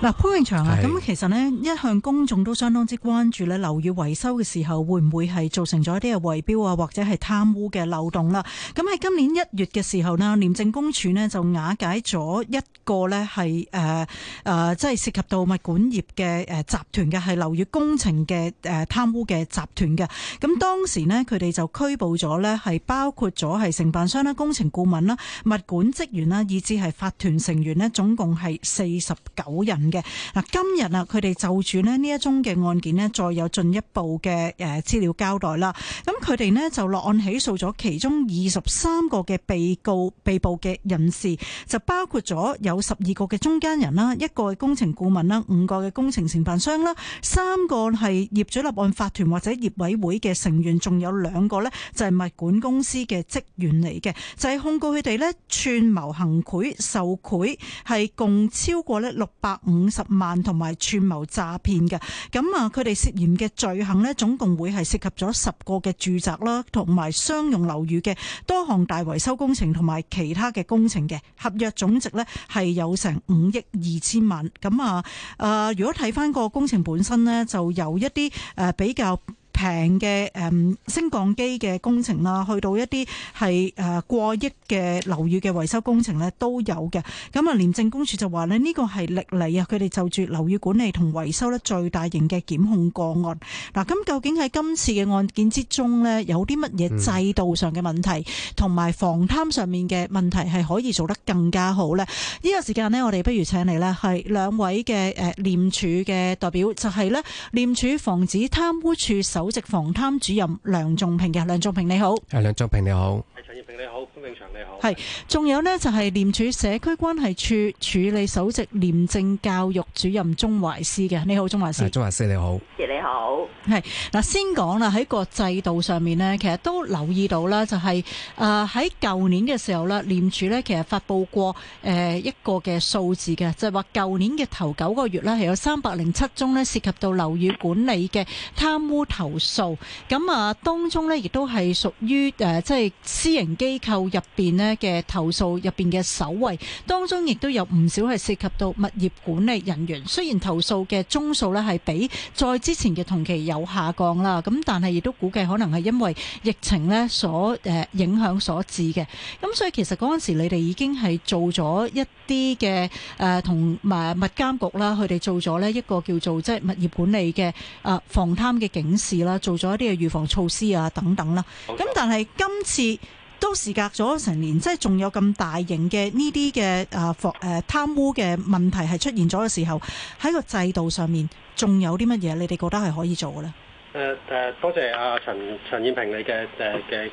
嗱，潘永祥啊，咁是其實咧，一向公眾都相當之關注咧，樓宇維修嘅時候會唔會係造成咗一啲嘅圍標啊，或者係貪污嘅漏洞啦？咁喺今年一月嘅時候呢，廉政公署咧就瓦解咗一個咧係誒誒，即係涉及到物管業嘅誒集團嘅係樓宇工程嘅誒貪污嘅集團嘅。咁當時咧，佢哋就拘捕咗咧係包括咗係承辦商啦、工程顧問啦、物管職員啦，以至係法團成員咧，總共係四十九人。嘅嗱，今日啊，佢哋就住咧呢一宗嘅案件呢，再有進一步嘅誒資料交代啦。咁佢哋呢就落案起訴咗其中二十三個嘅被告被捕嘅人士，就包括咗有十二個嘅中間人啦，一個工程顧問啦，五個嘅工程承辦商啦，三個係業主立案法團或者業委會嘅成員，仲有兩個呢就係物管公司嘅職員嚟嘅，就係控告佢哋咧串謀行賄受賄，係共超過咧六百五。五十萬同埋串謀詐騙嘅，咁啊，佢哋涉嫌嘅罪行呢，總共會係涉及咗十個嘅住宅啦，同埋商用樓宇嘅多項大維修工程同埋其他嘅工程嘅合約總值呢，係有成五億二千萬，咁啊啊，如果睇翻個工程本身呢，就有一啲誒比較。平嘅誒升降機嘅工程啦，去到一啲係誒過億嘅樓宇嘅維修工程呢，都有嘅。咁啊，廉政公署就話呢，呢個係歷來啊，佢哋就住樓宇管理同維修呢，最大型嘅檢控個案。嗱，咁究竟喺今次嘅案件之中呢，有啲乜嘢制度上嘅問題，同埋防貪上面嘅問題係可以做得更加好呢？呢、這個時間呢，我哋不如請嚟呢係兩位嘅誒、呃、廉署嘅代表，就係、是、呢廉署防止貪污處首。首席防貪主任梁仲平嘅，梁仲平你好，係，梁仲平你好，係，陳業平你好，潘永祥你好，係仲有呢就係、是、廉署社區關係處署理首席廉政教育主任鍾懷詩嘅，你好鍾懷詩，鍾懷詩你好。好係嗱，先講啦，喺個制度上面咧，其實都留意到啦、就係，就係誒喺舊年嘅時候咧，廉署咧其實發佈過誒、呃、一個嘅數字嘅，就係話舊年嘅頭九個月咧，係有三百零七宗咧涉及到樓宇管理嘅貪污投訴，咁啊當中咧亦都係屬於誒即係私營機構入邊咧嘅投訴入邊嘅首位，當中亦都有唔少係涉及到物業管理人員，雖然投訴嘅宗數咧係比再之前。嘅同期有下降啦，咁但係亦都估計可能係因為疫情咧所誒影響所致嘅，咁所以其實嗰陣時你哋已經係做咗一啲嘅誒同埋物監局啦，佢哋做咗咧一個叫做即係物業管理嘅誒防貪嘅警示啦，做咗一啲嘅預防措施啊等等啦，咁但係今次，都時隔咗成年，即係仲有咁大型嘅呢啲嘅啊，腐誒貪污嘅問題係出現咗嘅時候，喺個制度上面仲有啲乜嘢？你哋覺得係可以做嘅咧？誒誒，多謝阿陳陳燕平你嘅誒嘅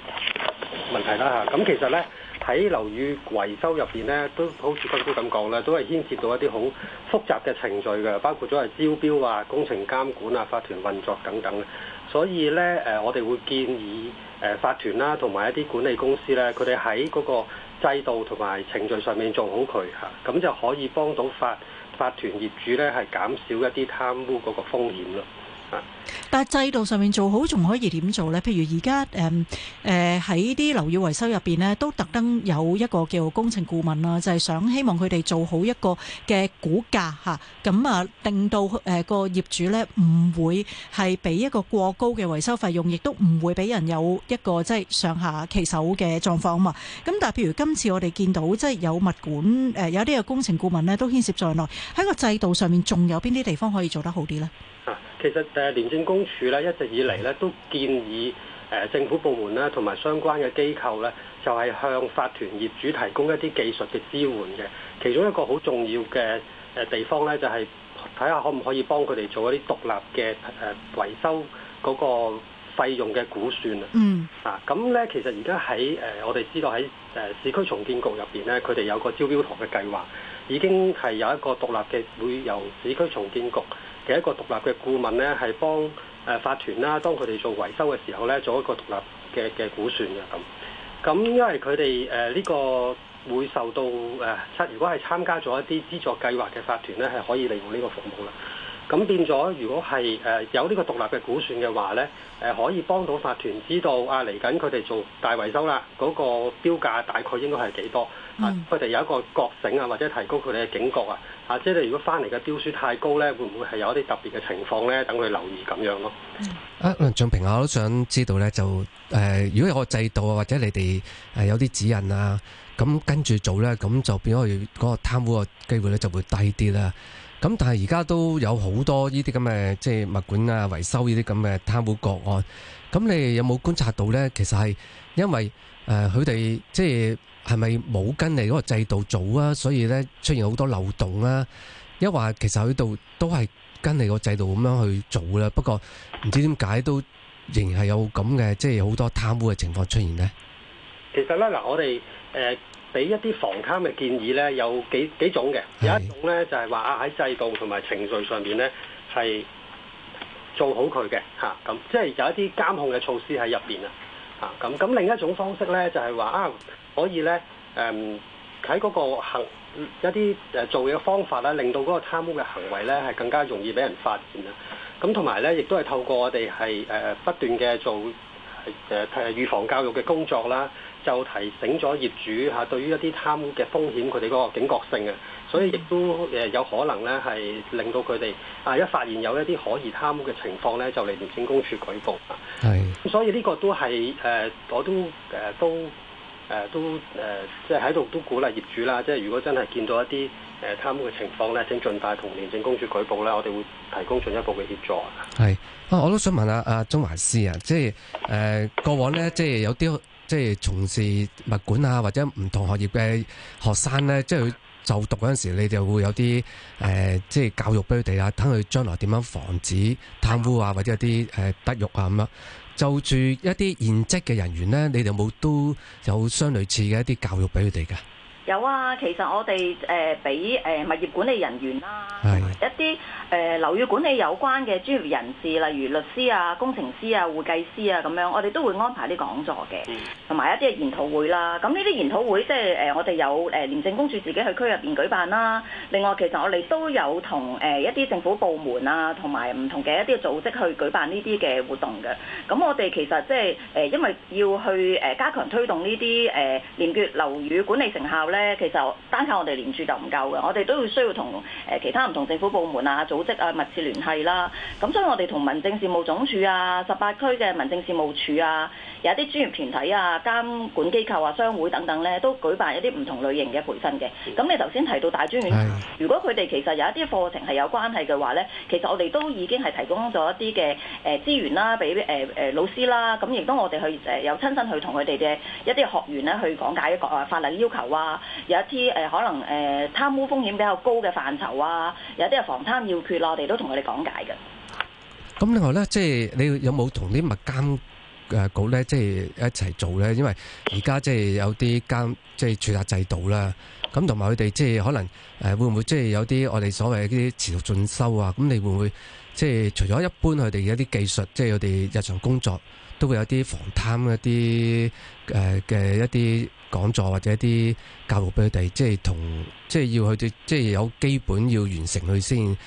問題啦嚇。咁其實咧喺樓宇維修入邊咧，都好似君夫咁講咧，都係牽涉到一啲好複雜嘅程序嘅，包括咗係招標啊、工程監管啊、法團運作等等嘅。所以咧誒，我哋會建議。誒，法團啦，同埋一啲管理公司咧，佢哋喺嗰個制度同埋程序上面做好佢吓，咁就可以幫到法法團業主咧，係減少一啲貪污嗰個風險咯。但係制度上面做好，仲可以點做呢？譬如而家誒誒，喺啲樓宇維修入邊呢，都特登有一個叫工程顧問啦，就係想希望佢哋做好一個嘅估價吓，咁啊，令到誒個業主呢，唔會係俾一個過高嘅維修費用，亦都唔會俾人有一個即係上下其手嘅狀況啊嘛。咁但係譬如今次我哋見到即係有物管誒，有啲嘅工程顧問呢都牽涉在內，喺個制度上面仲有邊啲地方可以做得好啲呢？其實誒廉政公署咧，一直以嚟咧都建議政府部門咧同埋相關嘅機構咧，就係向法團業主提供一啲技術嘅支援嘅。其中一個好重要嘅地方咧，就係睇下可唔可以幫佢哋做一啲獨立嘅誒維修嗰個費用嘅估算啊。嗯。啊，咁咧其實而家喺我哋知道喺市區重建局入面咧，佢哋有個招標圖嘅計劃，已經係有一個獨立嘅會由市區重建局嘅一個獨立嘅顧問咧，係幫誒法團啦，當佢哋做維修嘅時候咧，做一個獨立嘅嘅估算嘅咁。咁、嗯、因為佢哋誒呢個會受到誒，即、呃，如果係參加咗一啲資助計劃嘅法團咧，係可以利用呢個服務啦。咁變咗，如果係誒有呢個獨立嘅估算嘅話咧，誒可以幫到法團知道啊嚟緊佢哋做大維修啦，嗰個標價大概應該係幾多？嗯、啊，佢哋有一個覺醒啊，或者提高佢哋嘅警覺啊，啊，即係你如果翻嚟嘅標書太高咧，會唔會係有一啲特別嘅情況咧？等佢留意咁樣咯。啊，梁、嗯啊、仲平我都想知道咧，就誒、呃，如果有個制度啊，或者你哋有啲指引啊，咁跟住做咧，咁就變咗嗰個貪污嘅機會咧就會低啲啦。咁但係而家都有好多呢啲咁嘅即係物管啊、維修呢啲咁嘅貪污個案，咁你哋有冇觀察到呢？其實係因為誒佢哋即係係咪冇跟你嗰個制度做啊？所以呢出現好多漏洞呀。抑或其實佢度都係跟你個制度咁樣去做啦。不過唔知點解都仍然係有咁嘅即係好多貪污嘅情況出現呢。其實呢嗱，我哋誒。俾一啲防貪嘅建議咧，有幾幾種嘅。有一種咧就係話啊，喺制度同埋程序上邊咧係做好佢嘅嚇，咁、啊、即係有一啲監控嘅措施喺入邊啊，嚇咁。咁另一種方式咧就係、是、話啊，可以咧誒喺嗰個行一啲誒做嘢嘅方法啦，令到嗰個貪污嘅行為咧係更加容易俾人發現啦。咁同埋咧，亦都係透過我哋係誒不斷嘅做。誒誒預防教育嘅工作啦，就提醒咗業主嚇對於一啲貪污嘅風險，佢哋嗰個警覺性啊，所以亦都誒有可能咧，係令到佢哋啊一發現有一啲可疑貪污嘅情況咧，就嚟廉政公署舉報啊。係，是的 所以呢個都係誒，我都誒都誒都誒，即係喺度都鼓勵業主啦，即係如果真係見到一啲。誒，貪污嘅情況咧，請盡快同廉政公署舉報咧，我哋會提供進一步嘅協助。係啊，我都想問下阿鍾懷詩啊，即係誒、呃、過往呢，即係有啲即係從事物管啊或者唔同學業嘅學生呢，即係就讀嗰陣時候，你哋會有啲誒、呃、即係教育俾佢哋啊，等佢將來點樣防止貪污啊，或者有啲誒德育啊咁樣。就住一啲現職嘅人員呢，你哋有冇都有相類似嘅一啲教育俾佢哋嘅？有啊，其實我哋誒俾誒物業管理人員啦，的一啲誒樓宇管理有關嘅專業人士，例如律師啊、工程師啊、會計師啊咁樣，我哋都會安排啲講座嘅，同埋一啲嘅研討會啦。咁呢啲研討會即係呃、我哋有誒、呃、廉政公署自己去區入邊舉辦啦。另外，其實我哋都有同誒一啲政府部門啊，和不同埋唔同嘅一啲組織去舉辦呢啲嘅活動嘅。咁我哋其實即係誒，因為要去誒加強推動呢啲誒廉潔樓宇管理成效咧，其實單靠我哋廉署就唔夠嘅，我哋都要需要同誒其他唔同政府部門啊、組織啊密切聯繫啦。咁所以我哋同民政事務總署啊、十八區嘅民政事務處啊，有一啲專業團體啊、監管機構啊、商會等等咧，都舉辦一啲唔同類型嘅培訓嘅。咁你頭先提到大專院唉如果佢哋其實有一啲課程係有關係嘅話咧，其實我哋都已經係提供咗一啲嘅誒資源啦，俾誒誒老師啦。咁亦都我哋去誒、呃、有親身去同佢哋嘅一啲學員咧去講解一個法律要求啊，有一啲誒可能誒貪污風險比較高嘅範疇啊，有啲係防貪要訣啦，我哋都同佢哋講解嘅。咁另外咧，即係你有冇同啲物管？誒局咧，即係一齊做咧，因為而家即係有啲監即係處罰制度啦。咁同埋佢哋即係可能誒會唔會即係有啲我哋所謂啲持續進修啊？咁你會唔會即係除咗一般佢哋有啲技術，即係佢哋日常工作都會有啲防貪一啲誒嘅一啲講座或者一啲教育俾佢哋，即係同即係要佢哋即係有基本要完成佢先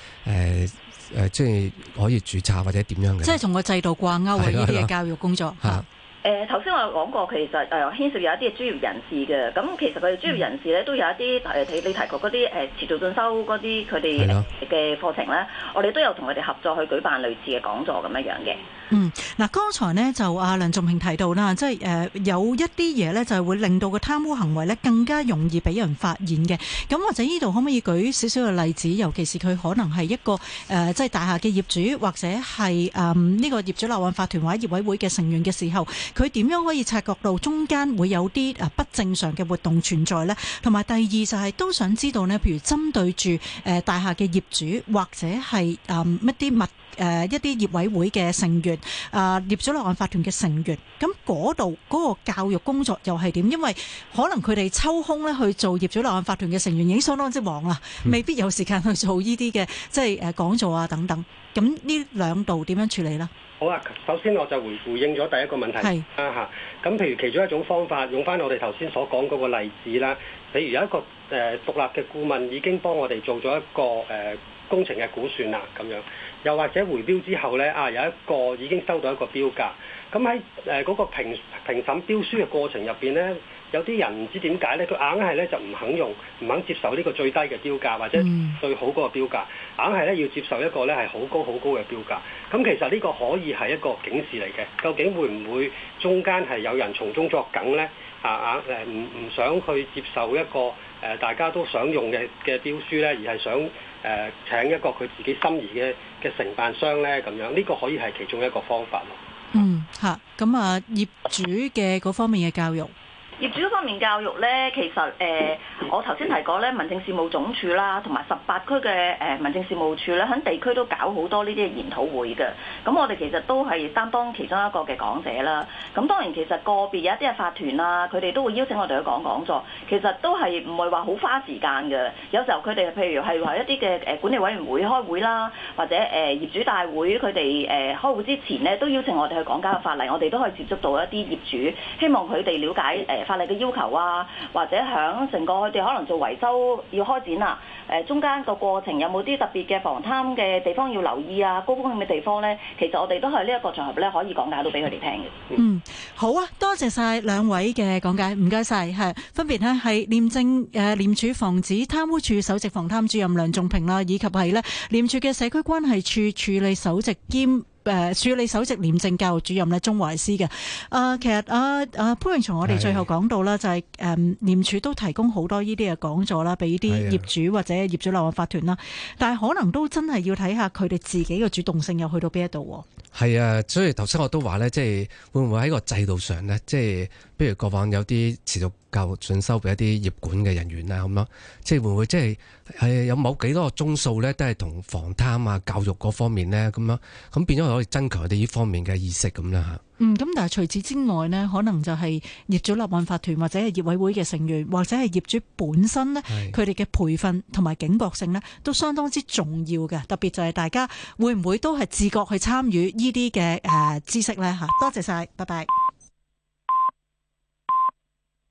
誒。誒、呃，即係可以註冊或者點樣嘅，即係同個制度掛鈎嘅呢啲嘅教育工作嚇。誒頭先我講過，其實誒、呃、牽涉有一啲專業人士嘅，咁其實佢哋專業人士咧、嗯、都有一啲誒你提過嗰啲誒持續進修嗰啲佢哋嘅課程啦。我哋都有同佢哋合作去舉辦類似嘅講座咁樣樣嘅。嗯，嗱、啊、剛才呢，就阿、啊、梁仲平提到啦，即係誒、呃、有一啲嘢呢，就係會令到個貪污行為呢更加容易俾人發現嘅。咁或者呢度可唔可以舉少少嘅例子，尤其是佢可能係一個誒即係大廈嘅業主，或者係誒呢個業主立案法團或者業委會嘅成員嘅時候。佢點樣可以察覺到中間會有啲啊不正常嘅活動存在咧？同埋第二就係都想知道咧，譬如針對住誒大廈嘅業主或者係啊一啲物。誒一啲業委會嘅成員，啊業主立案法團嘅成員，咁嗰度嗰個教育工作又係點？因為可能佢哋抽空咧去做業主立案法團嘅成員，已經相當之忙啦，未必有時間去做呢啲嘅即係誒講座啊等等。咁呢兩度點樣處理啦？好啊，首先我就回回應咗第一個問題係吓。咁譬如其中一種方法，用返我哋頭先所講嗰個例子啦，譬如有一個誒獨立嘅顧問已經幫我哋做咗一個誒。工程嘅估算啦、啊，咁樣又或者回標之後咧啊，有一個已經收到一個標價，咁喺誒嗰個評評審標書嘅過程入邊咧，有啲人唔知點解咧，佢硬係咧就唔肯用，唔肯接受呢個最低嘅標價或者最好嗰個標價，硬係咧要接受一個咧係好高好高嘅標價，咁其實呢個可以係一個警示嚟嘅，究竟會唔會中間係有人從中作梗咧？啊啊誒唔唔想去接受一個誒大家都想用嘅嘅標書咧，而係想。誒、呃、請一個佢自己心儀嘅嘅承辦商咧，咁樣呢、呢個可以係其中一個方法咯，嗯。嗯，吓咁啊業主嘅嗰方面嘅教育。業主方面教育咧，其實、呃、我頭先提過咧，民政事務總署啦，同埋十八區嘅、呃、民政事務處咧，喺地區都搞好多呢啲嘅研討會嘅。咁我哋其實都係擔當其中一個嘅講者啦。咁當然其實個別有一啲嘅法團啊，佢哋都會邀請我哋去講講座。其實都係唔係話好花時間嘅。有時候佢哋譬如係話一啲嘅管理委員會開會啦，或者、呃、業主大會佢哋、呃、開會之前咧，都邀請我哋去講解法例，我哋都可以接觸到一啲業主，希望佢哋了解誒。呃法例嘅要求啊，或者響成個佢哋可能做維修要開展啊，誒中間個過程有冇啲特別嘅防貪嘅地方要留意啊？高風險嘅地方咧，其實我哋都係呢一個場合咧，可以講解到俾佢哋聽嘅。嗯，好啊，多謝曬兩位嘅講解，唔該曬，係分別咧係廉政誒廉署防止貪污處首席防貪主任梁仲平啦，以及係咧廉署嘅社區關係處署理首席兼誒處理首席廉政教育主任咧，鍾懷詩嘅。啊、呃，其實啊啊、呃呃、潘榮松我哋最後講到啦，的就係、是、誒、呃、廉署都提供好多呢啲嘅講座啦，俾啲業主或者業主立案法團啦，是的 但係可能都真係要睇下佢哋自己嘅主動性又去到邊一度。係啊，所以頭先我都話咧，即係會唔會喺個制度上呢？即係譬如過往有啲持續。教進修俾一啲業管嘅人員啦，咁咯，即係會唔會即係誒有某幾多個宗數咧，都係同防貪啊、教育嗰方面呢，咁咯，咁變咗可以增強佢哋呢方面嘅意識咁啦吓。嗯，咁但係除此之外呢，可能就係業主立案法團或者係業委會嘅成員，或者係業主本身呢，佢哋嘅培訓同埋警覺性呢，都相當之重要嘅。特別就係大家會唔會都係自覺去參與呢啲嘅誒知識呢？多謝晒，拜拜。